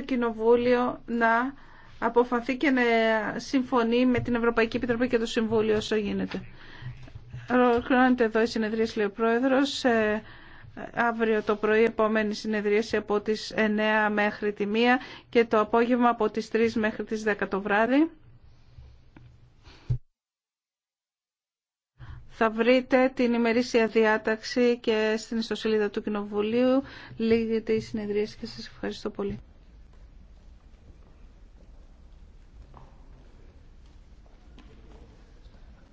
το Κοινοβούλιο να αποφανθεί και να συμφωνεί με την Ευρωπαϊκή Επιτροπή και το Συμβούλιο όσο γίνεται. Ολοκληρώνεται εδώ η συνεδρίαση, λέει ο Ε, αύριο το πρωί επόμενη συνεδρίαση από τις 9 μέχρι τη 1 και το απόγευμα από τι 3 μέχρι τι 10 το βράδυ. Θα βρείτε την ημερήσια διάταξη και στην ιστοσελίδα του Κοινοβουλίου. Λίγη τη συνεδρίαση και σα ευχαριστώ πολύ.